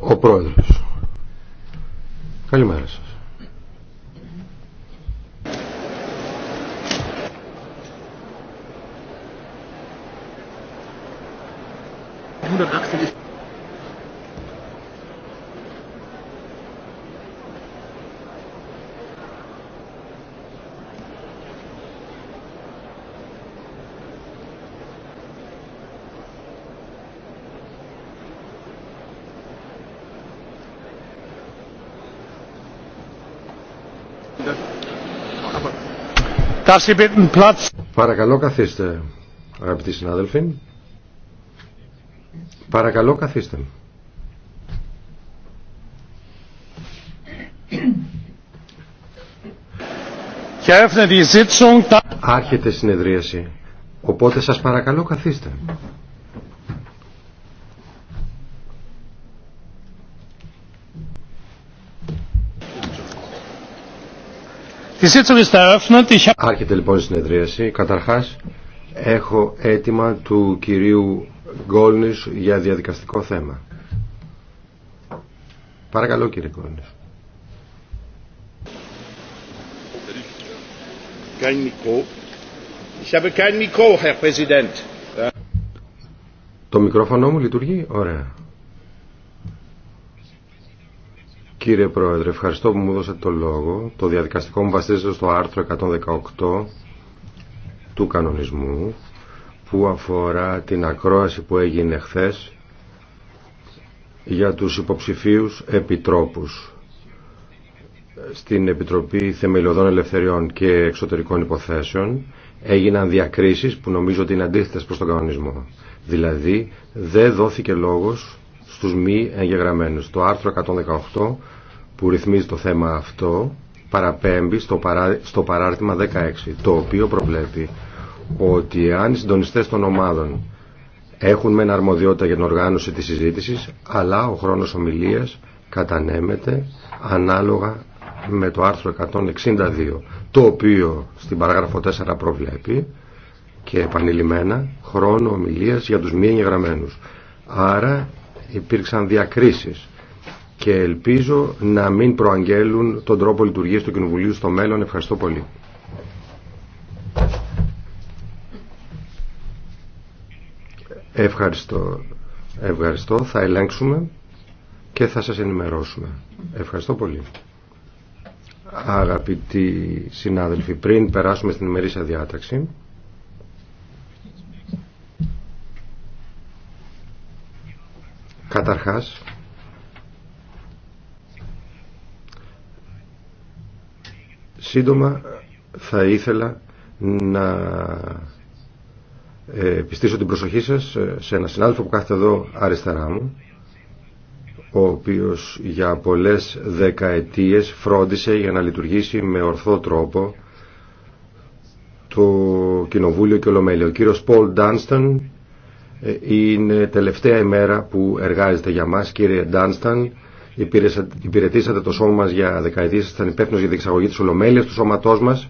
Ο πρόεδρος. Καλημέρα σας. Παρακαλώ καθίστε, αγαπητοί συνάδελφοι. Παρακαλώ καθίστε. Άρχεται η συνεδρίαση, οπότε σας παρακαλώ καθίστε. Άρχεται λοιπόν η συνεδρίαση. Καταρχά έχω αίτημα του κυρίου Γκόλνη για διαδικαστικό θέμα. Παρακαλώ κύριε Γκόλνη. Το μικρόφωνο μου λειτουργεί. Ωραία. Κύριε Πρόεδρε, ευχαριστώ που μου δώσατε το λόγο. Το διαδικαστικό μου βασίζεται στο άρθρο 118 του κανονισμού που αφορά την ακρόαση που έγινε χθες για τους υποψηφίους επιτρόπους στην Επιτροπή Θεμελιωδών Ελευθεριών και Εξωτερικών Υποθέσεων έγιναν διακρίσεις που νομίζω ότι είναι αντίθετες προς τον κανονισμό. Δηλαδή δεν δόθηκε λόγος στους μη εγγεγραμμένους. Το άρθρο 118 που ρυθμίζει το θέμα αυτό παραπέμπει στο, παρά, στο παράρτημα 16 το οποίο προβλέπει ότι αν οι συντονιστές των ομάδων έχουν μεν αρμοδιότητα για την οργάνωση της συζήτησης αλλά ο χρόνος ομιλίας κατανέμεται ανάλογα με το άρθρο 162 το οποίο στην παράγραφο 4 προβλέπει και επανειλημμένα χρόνο ομιλίας για τους μη εγγεγραμμένους. Άρα υπήρξαν διακρίσεις και ελπίζω να μην προαγγέλουν τον τρόπο λειτουργίας του Κοινοβουλίου στο μέλλον. Ευχαριστώ πολύ. Ευχαριστώ. Ευχαριστώ. Θα ελέγξουμε και θα σας ενημερώσουμε. Ευχαριστώ πολύ. Αγαπητοί συνάδελφοι, πριν περάσουμε στην ημερήσια διάταξη, Καταρχάς, σύντομα θα ήθελα να ε, πιστήσω την προσοχή σας σε ένα συνάδελφο που κάθεται εδώ αριστερά μου ο οποίος για πολλές δεκαετίες φρόντισε για να λειτουργήσει με ορθό τρόπο το Κοινοβούλιο και Ολομέλεια. Ο κύριος Πολ Ντάνσταν είναι τελευταία ημέρα που εργάζεται για μας κύριε Ντάνσταν υπηρετήσατε το σώμα μας για δεκαετίες ήταν υπεύθυνος για διεξαγωγή εξαγωγή της ολομέλειας του σώματός μας